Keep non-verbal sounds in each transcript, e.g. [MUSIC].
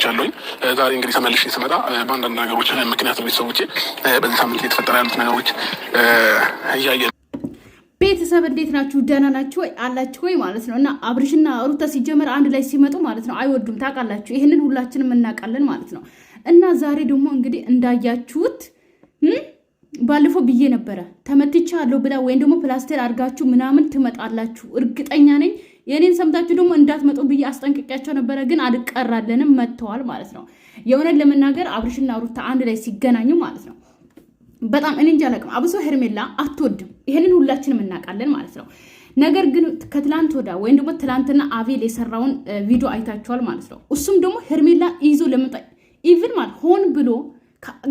ቆይቻለሁኝ። ዛሬ እንግዲህ ተመልሼ ስመጣ በአንዳንድ ነገሮች ምክንያት ቤተሰቦቼ በዚህ ሳምንት የተፈጠረ ያሉት ነገሮች እያየ ቤተሰብ እንዴት ናችሁ? ደህና ናችሁ ወይ አላችሁ ወይ ማለት ነው። እና አብርሽና ሩታ ሲጀመር አንድ ላይ ሲመጡ ማለት ነው አይወዱም። ታውቃላችሁ፣ ይህንን ሁላችንም እናውቃለን ማለት ነው። እና ዛሬ ደግሞ እንግዲህ እንዳያችሁት ባለፈው ብዬ ነበረ ተመትቻ አለው ብላ ወይም ደግሞ ፕላስቴር አድርጋችሁ ምናምን ትመጣላችሁ እርግጠኛ ነኝ። የኔን ሰምታችሁ ደግሞ እንዳትመጡ ብዬ አስጠንቅቂያቸው ነበረ፣ ግን አልቀራለንም መጥተዋል ማለት ነው። የእውነት ለመናገር አብርሽና ሩታ አንድ ላይ ሲገናኙ ማለት ነው በጣም እኔ እንጃ አላውቅም። አብሶ ሄርሜላ አትወድም፣ ይህንን ሁላችንም እናውቃለን ማለት ነው። ነገር ግን ከትላንት ወዳ ወይም ደግሞ ትላንትና አቤል የሰራውን ቪዲዮ አይታችኋል ማለት ነው። እሱም ደግሞ ሄርሜላ ይዞ ለመጣ ኢቭን ማለት ሆን ብሎ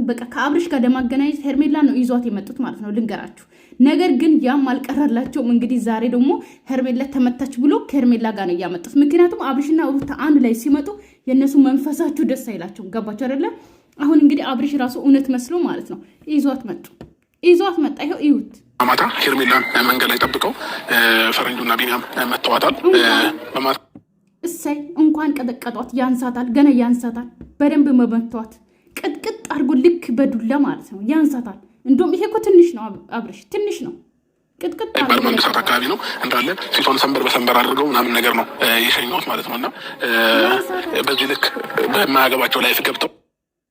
በቃ ከአብርሽ ጋር ለማገናኘት ሄርሜላ ነው ይዟት የመጡት ማለት ነው። ልንገራችሁ ነገር ግን ያም አልቀረላቸውም። እንግዲህ ዛሬ ደግሞ ሄርሜላ ተመታች ብሎ ከሄርሜላ ጋር ነው እያመጡት። ምክንያቱም አብርሽና ሩታ አንድ ላይ ሲመጡ የእነሱ መንፈሳችሁ ደስ አይላቸውም። ገባቸው አይደለም? አሁን እንግዲህ አብርሽ ራሱ እውነት መስሎ ማለት ነው ይዟት መጡ። ይዟት መጣ። ይኸው እዩት። ማታ ሄርሜላን መንገድ ላይ ጠብቀው ፈረንጁና ቢኒያም መተዋታል። እሰይ እንኳን ቀጠቀጧት። ያንሳታል፣ ገና ያንሳታል። በደንብ መመተዋት አድርጎ ልክ በዱላ ማለት ነው ያንሳታል። እንዲሁም ይሄ እኮ ትንሽ ነው አብረሽ ትንሽ ነው ቅጥቅጥ አካባቢ ነው እንዳለ ሴቷን ሰንበር በሰንበር አድርገው ምናምን ነገር ነው የሸኘት ማለት ነው። እና በዚህ ልክ በማያገባቸው ላይፍ ገብተው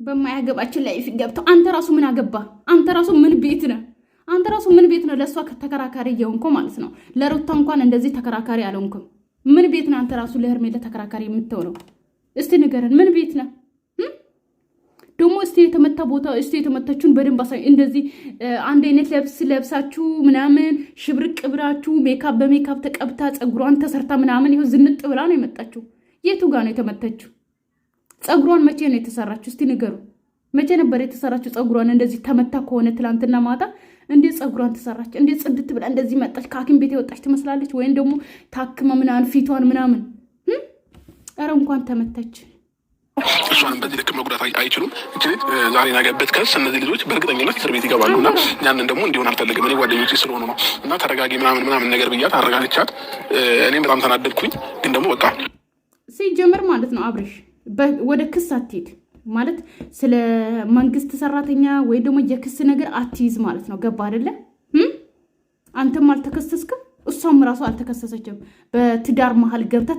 በማያገባቸው ላይፍ ገብተው አንተ ራሱ ምን አገባ? አንተ ራሱ ምን ቤት ነ? አንተ ራሱ ምን ቤት ነው ለእሷ ተከራካሪ እየሆንኩ ማለት ነው። ለሩታ እንኳን እንደዚህ ተከራካሪ አልሆንኩም። ምን ቤት ነው አንተ ራሱ ለሄርሜላ ተከራካሪ የምትሆነው? እስቲ ንገረን፣ ምን ቤት ነህ? ደግሞ እስቲ የተመታ ቦታ እስቲ የተመታችሁን በደንብ አሳዩ። እንደዚህ አንድ አይነት ለብስ ለብሳችሁ ምናምን ሽብርቅ ብራችሁ ሜካፕ በሜካፕ ተቀብታ ፀጉሯን ተሰርታ ምናምን ይኸው ዝንጥ ብላ ነው የመጣችሁ። የቱ ጋ ነው የተመተችው? ፀጉሯን መቼ ነው የተሰራችሁ? እስቲ ንገሩ። መቼ ነበር የተሰራችሁ? ፀጉሯን እንደዚህ ተመታ ከሆነ ትላንትና ማታ እንዴት ፀጉሯን ተሰራች? እንዴት ጽድት ብላ እንደዚህ መጣች? ከሐኪም ቤት የወጣች ትመስላለች፣ ወይም ደግሞ ታክመ ምናምን ፊቷን ምናምን። ኧረ እንኳን ተመታች። እሷንም በዚህ ልክ መጉዳት አይችሉም። እችት ዛሬ ነገ ብትከስ እነዚህ ልጆች በእርግጠኝነት እስር ቤት ይገባሉ እና ያንን ደግሞ እንዲሆን አልፈልግም። እኔ ጓደኞች ስለሆኑ ነው እና ተረጋጊ ምናምን ምናምን ነገር ብያት አረጋግቻት፣ እኔም በጣም ተናደድኩኝ። ግን ደግሞ በቃ ሲጀምር ማለት ነው አብርሽ ወደ ክስ አትሄድ ማለት ስለ መንግስት ሰራተኛ ወይ ደግሞ የክስ ነገር አትይዝ ማለት ነው። ገባ አደለ? አንተም አልተከሰስክም፣ እሷም ራሱ አልተከሰሰችም። በትዳር መሀል ገብታ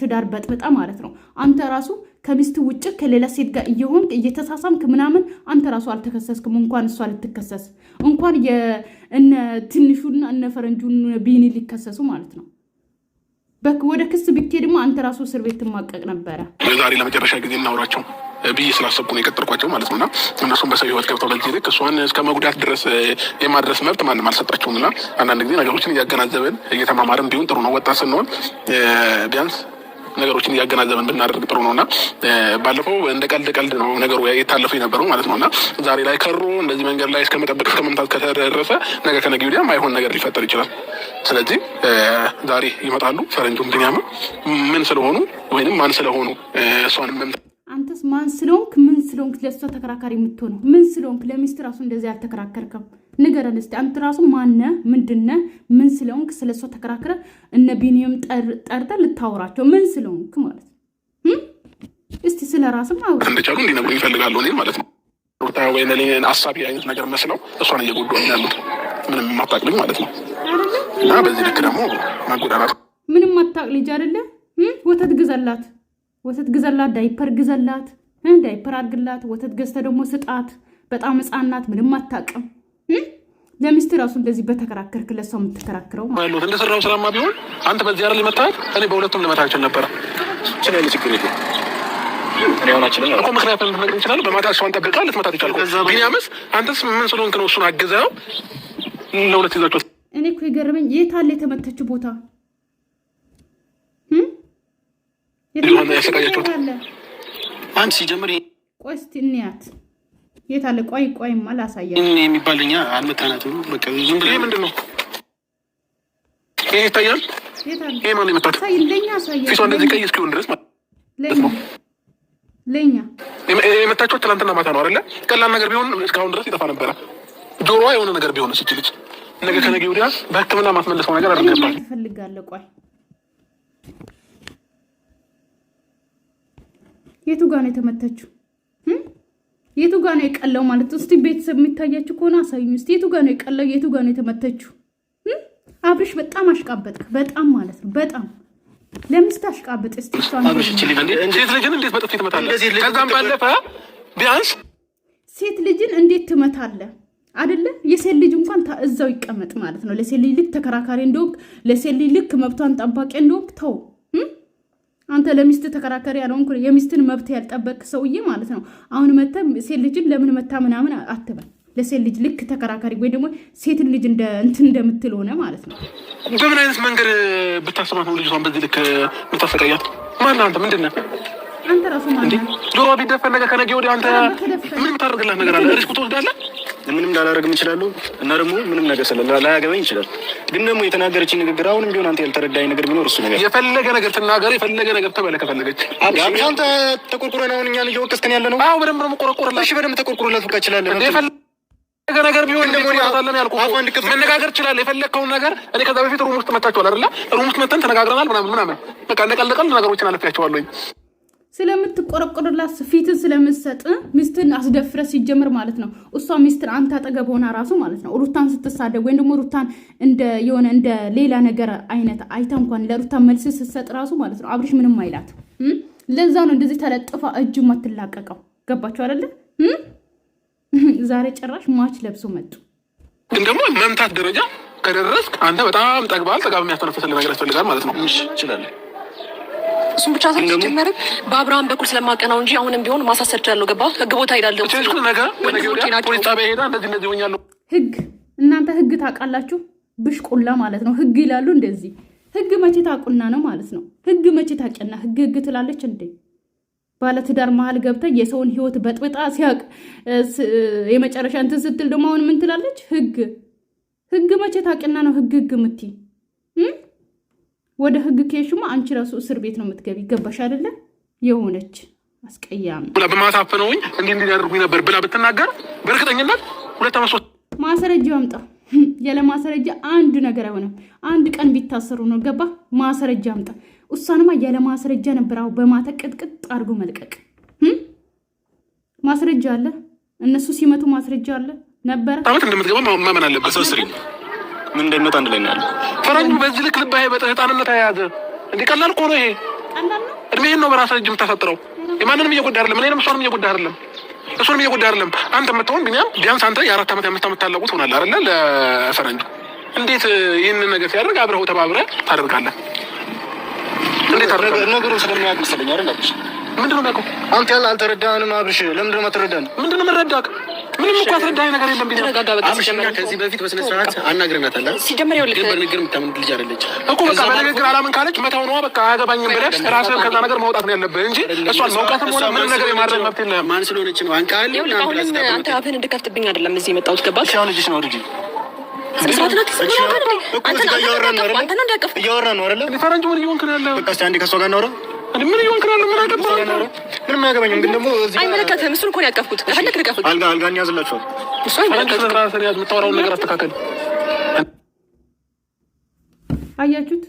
ትዳር በጥብጣ ማለት ነው አንተ ራሱ ከሚስት ውጭ ከሌላ ሴት ጋር እየሆንክ እየተሳሳምክ ምናምን አንተ ራሱ አልተከሰስክም። እንኳን እሷ ልትከሰስ እንኳን እነ ትንሹና እነ ፈረንጁን ቢኒ ሊከሰሱ ማለት ነው። ወደ ክስ ብትሄድ ደግሞ አንተ ራሱ እስር ቤት ትማቀቅ ነበረ። ዛሬ ለመጨረሻ ጊዜ እናውራቸው ብዬ ስላሰብኩ ነው የቀጠርኳቸው ማለት ነው። እና እነሱም በሰው ህይወት ገብተው በዚህ ልክ እሷን እስከ መጉዳት ድረስ የማድረስ መብት ማንም አልሰጣቸውም። እና አንዳንድ ጊዜ ነገሮችን እያገናዘብን እየተማማርን ቢሆን ጥሩ ነው። ወጣት ስንሆን ቢያንስ ነገሮችን እያገናዘብን ብናደርግ ጥሩ ነው እና ባለፈው እንደ ቀልድ ቀልድ ነው ነገሩ የታለፈው የነበረው ማለት ነው እና ዛሬ ላይ ከሮ እንደዚህ መንገድ ላይ እስከመጠበቅ እስከመምታት ከተደረሰ ነገ ከነገ ወዲያ ማይሆን ነገር ሊፈጠር ይችላል። ስለዚህ ዛሬ ይመጣሉ ፈረንጁ ምክንያም ምን ስለሆኑ ወይንም ማን ስለሆኑ እሷንም መምታት አንተስ ማን ስለሆንክ ምን ስለሆንክ ለእሷ ተከራካሪ የምትሆነው? ምን ስለሆንክ ለሚስት ራሱ እንደዚህ አልተከራከርከም? ንገረን እስኪ አንተ ራሱ ማነ ምንድነ? ምን ስለሆንክ ስለ እሷ ተከራክረ እነ ቢኒየም ጠርተ ልታወራቸው ምን ስለሆንክ ማለት ነው። እስቲ ስለ ራስም አውራ። እንደቻሉ እንዲነግሩ ይፈልጋሉ። እኔ ማለት ነው ሩታ ወይ አሳቢ አይነት ነገር መስለው እሷን እየጎዱ ያሉት ምንም የማታቅልኝ ማለት ነው። እና በዚህ ልክ ደግሞ መጎዳናት ምንም አታቅ ልጅ አይደለ ወተት ግዛላት ወተት ግዘላት፣ ዳይፐር ግዘላት፣ ዳይፐር አድግላት፣ ወተት ገዝተ ደግሞ ስጣት። በጣም ህፃናት ምንም አታውቅም። ለሚስት ራሱ እንደዚህ በተከራከርክለት ሰው የምትከራክረው ማለት እንደ ስራማ ቢሆን አንተ በዚህ አይደል መታት፣ እኔ በሁለቱም ልመታችን ነበረ። ይችላል ችግር የለም እኮ ምክንያት ልትነግር እንችላለን። በማታ እሷን ጠብቃ ልትመታት ይቻል። ቢኒያምስ አንተስ ምን ስለሆንክ ነው እሱን አግዘኸው ለሁለት ይዛቸው? እኔ እኮ የገረመኝ የት አለ የተመተችው ቦታ አንድ ሲጀምር ቆይ እስኪ እንያት የት አለ? ቆይ ቆይማ ላሳያት የሚባለኛ አልመጣናትም። በቃ ይሄ ምንድን ነው? ይሄ ይታያል። ይሄ ማን የመታት ለኛ አሳያት። ፊቷ እንደዚህ ቀይ እስኪሆን ድረስ ለኛ የመታቸው ትናንትና ማታ ነው አይደለ? ቀላል ነገር ቢሆን እስካሁን ድረስ ይጠፋ ነበረ። ጆሮዋ የሆነ ነገር ቢሆን ስች ልጅ ነገ ከነገ ወዲያ በሕክምና ማስመለሰው ነገር አድርገባል። ትፈልጋለህ? ቆይ የቱ ጋር ነው የተመተችው? የቱ ጋር ነው የቀለው ማለት ነው? እስቲ ቤተሰብ የሚታያችሁ ከሆነ አሳዩኝ እስቲ። የቱ ጋር ነው የቀለው? የቱ ጋር ነው የተመተችው? አብርሽ በጣም አሽቃበጥክ፣ በጣም ማለት ነው በጣም ለምን ስታሽቃበጥ እስቲ ከዛም ባለፈ ቢያንስ ሴት ልጅን እንዴት ትመታለህ? አይደለ የሴት ልጅ እንኳን እዛው ይቀመጥ ማለት ነው። ለሴት ልጅ ልክ ተከራካሪ እንደወቅ፣ ለሴት ልጅ ልክ መብቷን ጠባቂ እንደወቅ ተው አንተ ለሚስት ተከራካሪ ያለውን የሚስትን መብት ያልጠበቅ ሰውዬ ማለት ነው። አሁን መተ ሴት ልጅን ለምን መታ ምናምን አትበል። ለሴት ልጅ ልክ ተከራካሪ ወይ ደግሞ ሴትን ልጅ እንትን እንደምትል ሆነ ማለት ነው። በምን አይነት መንገድ ብታስባት ነው ልጅቷን በዚህ ልክ ብታሰቃያት? ማነህ አንተ? ምንድን ነህ አንተ? ራሱ ማነህ? ጆሮ ቢደፈን ነገ ከነገ ወዲህ አንተ ምን ታደርግላት ነገር አለ? ሪስኩ ትወስዳለህ ምንም ላላረግም ይችላሉ እና ደግሞ ምንም ነገር ስለ ላያገባኝ ይችላል። ግን ደግሞ የተናገረችኝ ንግግር አሁንም ቢሆን አንተ ያልተረዳኝ ነገር ቢኖር እሱ ነገር የፈለገ ነገር ትናገር፣ የፈለገ ነገር ተበለ ከፈለገች አንተ ተቆርቁረን አሁን እኛን እየወቀስከን ያለ ነው። አሁ በደንብ ነው ቆረቆረላት። እሺ በደንብ ተቆርቁረላት ብቃ እችላለሁ። የፈለገ ነገር ቢሆን ደግሞ እንደሆነ ያልኩ መነጋገር ይችላል። የፈለግከውን ነገር እኔ ከዛ በፊት ሩም ውስጥ መታችኋል አይደለ? ሩም ውስጥ መተን ተነጋግረናል ምናምን ምናምን በቃ ለቀልቀል ነገሮችን አለፍያቸዋለኝ ስለምትቆረቆርላት ፊትን ስለምትሰጥ ሚስትን አስደፍረ ሲጀምር ማለት ነው። እሷ ሚስትን አንተ አጠገብ ሆና ራሱ ማለት ነው ሩታን ስትሳደግ ወይም ደግሞ ሩታን እንደ የሆነ እንደ ሌላ ነገር አይነት አይታ እንኳን ለሩታን መልስ ስትሰጥ ራሱ ማለት ነው አብርሽ ምንም አይላት። ለዛ ነው እንደዚህ ተለጥፋ እጁ ማትላቀቀው። ገባቸው አይደለ? ዛሬ ጭራሽ ማች ለብሶ መጡ። ግን ደግሞ መምታት ደረጃ ከደረስክ አንተ በጣም ጠግባል። ጠጋብ የሚያስተነፈሰ ነገር ያስፈልጋል ማለት ነው። ይችላለን እሱም ብቻ ሲጀመርም በአብርሃም በኩል ስለማቀናው እንጂ አሁንም ቢሆን ማሳሰድ ቻለው ገባ ህግ ቦታ ሄዳለሁ ህግ እናንተ ህግ ታውቃላችሁ ብሽቁላ ማለት ነው ህግ ይላሉ እንደዚህ ህግ መቼ ታቁና ነው ማለት ነው ህግ መቼ ታጨና ህግ ህግ ትላለች እንዴ ባለትዳር መሀል ገብተ የሰውን ህይወት በጥብጣ ሲያቅ የመጨረሻ እንትን ስትል ደግሞ አሁን ምን ትላለች ህግ ህግ መቼ ታቅና ነው ህግ ህግ ምቲ ወደ ህግ ከሄድሽማ አንቺ ራሱ እስር ቤት ነው የምትገቢ። ይገባሽ አይደለ? የሆነች አስቀያሚ በማሳፈነውኝ እንዲህ እንዲህ ያደርጉኝ ነበር ብላ ብትናገር በእርግጠኝነት ሁለት ዓመት ማስረጃ አምጣ። [LAUGHS] ያለ ማስረጃ አንድ ነገር አይሆንም። አንድ ቀን ቢታሰሩ ነው ገባ? ማስረጃ አምጣ። እሷንማ ያለ ማስረጃ ነበር አሁ በማታ ቅጥቅጥ አድርጎ መልቀቅ። ማስረጃ አለ፣ እነሱ ሲመቱ ማስረጃ አለ ነበረ። አመት እንደምትገባ ማመን አለበት። ሰው ስሪ ምን እንደሚመጣ አንድ ላይ ያለ ፈረንጁ በዚህ ልክ ልባሄ በህፃንነት ተያያዘ። እንዲህ ቀላል እኮ ነው ይሄ። እድሜህን ነው በራስህ እጅ የምታፈጥረው። የማንንም እየጎዳ አይደለም። እኔንም እሷንም እየጎዳ አይደለም እሱንም እየጎዳ አይደለም። አንተ የምትሆን ቢኒያም ቢያንስ አንተ የአራት ዓመት የአምስት ዓመት ታላቁ ትሆናለህ አይደለ? ለፈረንጁ እንዴት ይህንን ነገር ሲያደርግ አብረው ተባብረህ ታደርጋለህ? እንዴት ታደርጋለህ? ነገሩ ስለሚያውቅ መሰለኝ አይደል? ምንድን ነው የሚያውቀው? አንተ ያለ አልተረዳህንም አብርሽ። ለምንድን ነው የማትረዳን? ምንድን ነው የምንረዳህ? ምንም እኮ አስረዳኝ ነገር የለም። አብሽኛ ከዚህ በፊት በስነ ስርዓት አናግረናታል። ሲጀመር ይኸውልህ በንግግር የምታምኑት ልጅ አለች እኮ በቃ በንግግር አላምን ካለች መተው ነዋ። በቃ አያገባኝም ብለህ ራስህን ከዛ ነገር ማውጣት ነው ያለብህ እንጂ እሷን መውቃትም ሆነ ምንም ነገር የማድረግ መብት የለህም። ማን ስለሆነች ነው አንካል። አሁንም አንተ አፍህን እንድከፍትብኝ አይደለም እዚህ የመጣሁት ገባህ? ሲሆን ልጅሽ ነው ልጅ እያወራን ነው አይደለ? ፈረንጅ ምን እየሆንክ ነው ያለ? በቃ አንዴ ከእሷ ጋር እናውራ። ምን እየሆንክ ነው ያለ? ምን አገባህ? ምንም አያገባኝም። ግን ደግሞ አይመለከትህም። እሱን እኮ ነው ያቀፍኩት። ከፈለክ ንቀፉት። አልጋ አልጋ እንያዝላችኋል። እሱ አይመለከትህም። የምታወራውን ነገር አስተካከል። አያችሁት?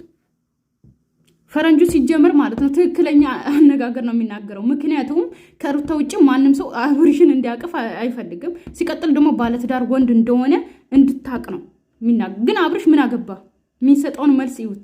ፈረንጁ ሲጀመር ማለት ነው ትክክለኛ አነጋገር ነው የሚናገረው። ምክንያቱም ከሩታ ውጭ ማንም ሰው አብርሽን እንዲያቅፍ አይፈልግም። ሲቀጥል ደግሞ ባለትዳር ወንድ እንደሆነ እንድታቅ ነው የሚናገር። ግን አብርሽ ምን አገባ? የሚሰጠውን መልስ ይዩት።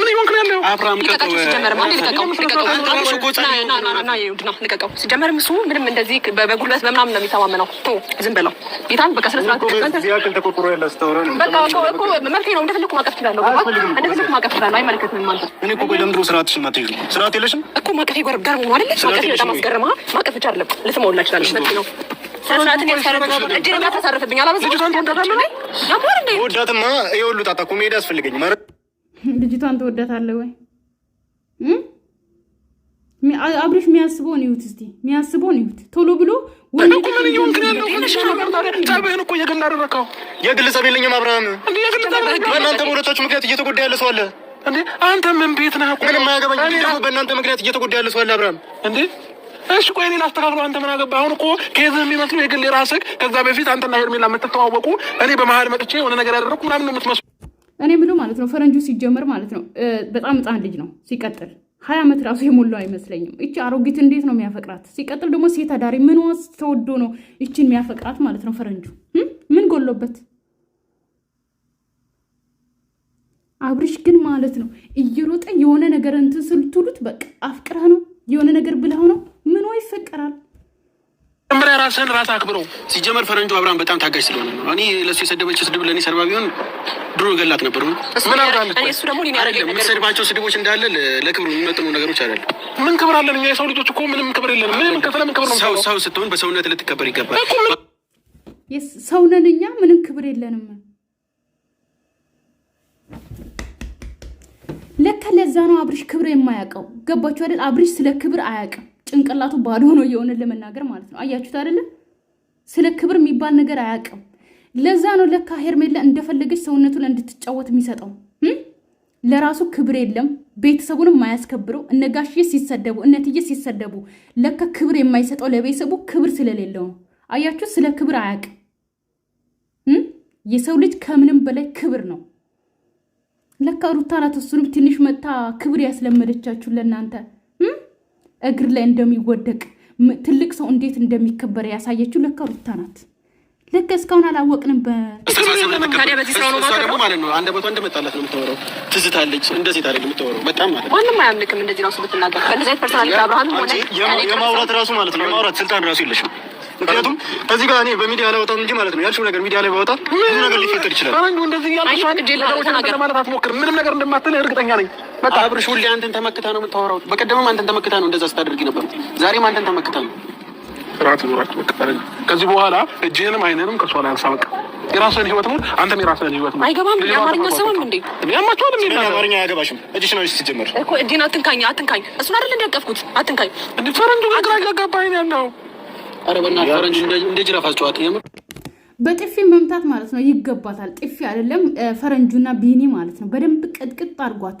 ምን ይሆንክ ነው ያለው? አብርሃም ልቀቀው፣ ልቀቀው፣ ልቀቀው፣ ልቀቀው። እሱ ምንም እንደዚህ በጉልበት በምናምን ነው የሚተማመነው። ዝም በለው ቤታን በቃ መብቴ ነው። እንደፈለኩ ማቀፍ እንደፈለኩ ማቀፍ አይመለከትም ማለት እኔ እኮ ቆይ፣ ለምንድን ነው ስርዓት የለሽም እኮ ማቀፍ ነው ማቀፍ በጣም ማቀፍ አይደለም ልትመውላ መብቴ ነው ወዳትማ የሁሉ ጣጣ እኮ መሄድ ያስፈልገኝ ልጅቷን ትወዳታለህ ወይ? አብሪሽ የሚያስበውን ይሁት እስቲ የሚያስበውን ይሁት ቶሎ ብሎ ጸብህን እኮ የግል አደረከው። የግል ጸብ የለኝም አብርሃም። በእናንተ በሁለታችሁ ምክንያት እየተጎዳ ያለ ሰው አለ። አንተ ምን ቤት ነህ? ምንም አያገባኝም። ደግሞ በእናንተ ምክንያት እየተጎዳ ያለ ሰው አለ አብርሃም። እንዴ እሺ ቆይ እኔን አስተካክሎ አንተ ምን አገባህ? አሁን እኮ ከዚህ የሚመስሉ የግል የራስህ ከዛ በፊት አንተና ሄርሜላ የምትተዋወቁ እኔ በመሀል መጥቼ የሆነ ነገር ያደረግኩ ምናምን ነው የምትመስሉ እኔ ምለው ማለት ነው ፈረንጁ ሲጀመር ማለት ነው በጣም ህፃን ልጅ ነው። ሲቀጥል ሀያ ዓመት ራሱ የሞላው አይመስለኝም። ይቺ አሮጊት እንዴት ነው የሚያፈቅራት? ሲቀጥል ደግሞ ሴት አዳሪ ምን ዋስ ተወዶ ነው ይችን የሚያፈቅራት ማለት ነው ፈረንጁ? ምን ጎሎበት? አብርሽ ግን ማለት ነው እየሮጠ የሆነ ነገር እንትን ስልትሉት በቃ አፍቅራ ነው የሆነ ነገር ብለው ነው መጀመሪያ ራስን ራስ አክብሮ ሲጀመር ፈረንጁ አብርሃም በጣም ታጋሽ ስለሆነ ነው። እኔ ለእሱ የሰደበችው ስድብ ለእኔ ሰርባ ቢሆን ድሮ ገላት ነበር። የምትሰድባቸው ስድቦች እንዳለ ለክብሩ የሚመጥኑ ነገሮች አይደለም። ምን ክብር አለን እኛ የሰው ልጆች እኮ ምንም ክብር የለንም። ምንም ክብር ነው። ሰው ስትሆን በሰውነት ልትከበር ይገባል። ሰው ነን እኛ፣ ምንም ክብር የለንም። ለካ ለዛ ነው አብሪሽ ክብር የማያውቀው። ገባችሁ አይደል? አብሪሽ ስለ ክብር አያውቅም። ጭንቅላቱ ባዶ ሆኖ እየሆነ ለመናገር ማለት ነው። አያችሁት አይደለም? ስለ ክብር የሚባል ነገር አያውቅም። ለዛ ነው ለካ ሄርሜላ እንደፈለገች ሰውነቱን እንድትጫወት የሚሰጠው። ለራሱ ክብር የለም፣ ቤተሰቡንም ማያስከብረው። እነ ጋሽዬ ሲሰደቡ፣ እነትዬ ሲሰደቡ ለካ ክብር የማይሰጠው ለቤተሰቡ ክብር ስለሌለው ነው። አያችሁ፣ ስለ ክብር አያውቅም። የሰው ልጅ ከምንም በላይ ክብር ነው። ለካ ሩታ ናት እሱንም ትንሽ መታ ክብር ያስለመደቻችሁ ለእናንተ እግር ላይ እንደሚወደቅ ትልቅ ሰው እንዴት እንደሚከበር ያሳየችው ለካ ሩታ ናት። ልክ እስካሁን አላወቅንም። ትዝታለች እንደዚህ ታደርግ በጣም ማለት ማንም አያምንክም እንደዚህ ፐርሰናል አብርሃም ሆነ የማውራት ራሱ ማለት ነው የማውራት ስልጣን ራሱ የለሽም። ምክንያቱም ከዚህ ጋር እኔ በሚዲያ ላይ ወጣም እንጂ ማለት ነው ያልሽው ነገር ሚዲያ ላይ ነገር ሊፈጠር ይችላል። እንደዚህ ያልሽ ማለት አትሞክርም። ምንም ነገር እንደማትል እርግጠኛ ነኝ። አብርሽ ሁሌ አንተን ተመክታ ነው የምታወራው። በቀደምም አንተን ተመክታ ነው እንደዛ ስታደርጊ ነበር። ዛሬም አንተን ተመክታ ነው። በቃ ከዚህ በኋላ እጅህንም አይንንም ከሷ ላይ አንሳ። በቃ የራስህን ህይወት ነው አንተም የራስህን ህይወት ነው። አይገባም። የአማርኛ ሰውም እንዴ ያማቸዋል። ሚ አማርኛ አያገባሽም። እጅሽ ነው እኮ አትንካኝ፣ አትንካኝ። እሱን አይደል እንዲያቀፍኩት አትንካኝ። እንዲ ፈረንጁ ያለው ፈረንጅ እንደ የምር በጥፊ መምታት ማለት ነው። ይገባታል። ጥፊ አይደለም ፈረንጁና ቢኒ ማለት ነው። በደንብ ቅጥቅጥ አድርጓት።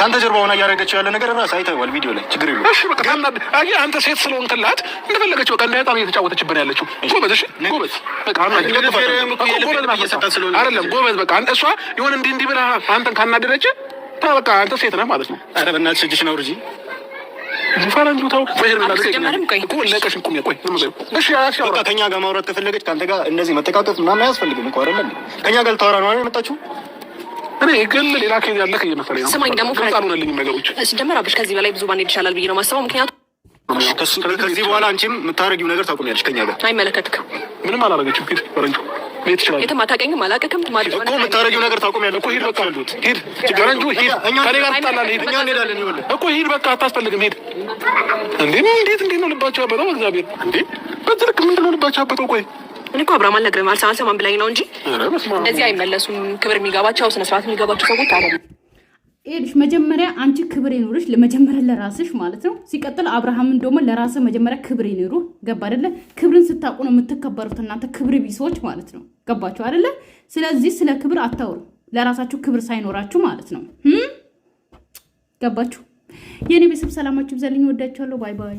ከአንተ ጀርባ ሆና እያደረገችው ያለ ነገር ራስ አይተዋል ቪዲዮ ላይ ችግር የለውም። እሺ በቃ ታምናድ አይ አንተ ሴት ስለሆንክላት እንደፈለገች በቃ እንደ ህፃን እየተጫወተችብን ያለችው ጎበዝ። እሺ ጎበዝ በቃ አይደለም ጎበዝ በቃ እሷ የሆነ እንዲህ እንዲህ ብላ አንተን ካናደረች ታ በቃ አንተ ሴት ነህ ማለት ነው። ኧረ በእናትሽ እጅሽ ነው ልጅ ፈረንጁ ተው ከእኛ ጋር ማውራት ከፈለገች ከአንተ ጋር እንደዚህ መተካከት ምናምን አያስፈልግም እኮ አይደለም ከኛ ጋር ልታወራ ነው የመጣችው እኔ ግን ሌላ ኬዝ ያለህ እየመሰለኝ ነው። ስማኝ ደግሞ አልሆነልኝም ነገሮች። ሲጀመር አብሽ ከዚህ በላይ ብዙ ባንሄድ ይሻላል ብዬ ነው ማስበው። ምክንያቱም ከዚህ በኋላ አንቺም የምታደረጊው ነገር ታቆሚያለሽ። ከኛ ጋር አይመለከትክም። ምንም አላረገችም። ሂድ ፈረንጁ ቤት ይችላል። የትም አታውቀኝም፣ አላውቅህም እኮ የምታደርጊው ነገር ታቆሚያለሽ እኮ ሂድ፣ በቃ ሂድ። ፈረንጁ ሂድ፣ ከእኔ ጋር ትጣላለህ። ሂድ፣ እኛ እንሄዳለን እኮ ሂድ፣ በቃ አታስፈልግም። ሂድ። እንዴ እንዴት እንዴት ነው ልባቸው ያበጠው? እግዚአብሔር እንዴ በዚህ ልክ ምንድን ልባቸው ያበጠው? ቆይ እኔ እኮ አብርሃም አልነግርህም አልሰማም ብላኝ ነው እንጂ እዚህ አይመለሱም። ክብር የሚገባቸው ስነስርዓት የሚገባቸው ሰዎች አይደሉም። ይኸውልሽ መጀመሪያ አንቺ ክብር ይኑርሽ፣ ለመጀመሪያ ለራስሽ ማለት ነው። ሲቀጥል አብርሃምን ደግሞ ለራስ መጀመሪያ ክብር ይኑሩ። ገባ አይደለ? ክብርን ስታውቁ ነው የምትከበሩት እናንተ ክብር ቢሶች ማለት ነው። ገባችሁ አይደለ? ስለዚህ ስለ ክብር አታውሩ፣ ለራሳችሁ ክብር ሳይኖራችሁ ማለት ነው። ገባችሁ? የእኔ ቤተሰብ ሰላማችሁ ይብዛልኝ። ወዳችኋለሁ። ባይ ባይ።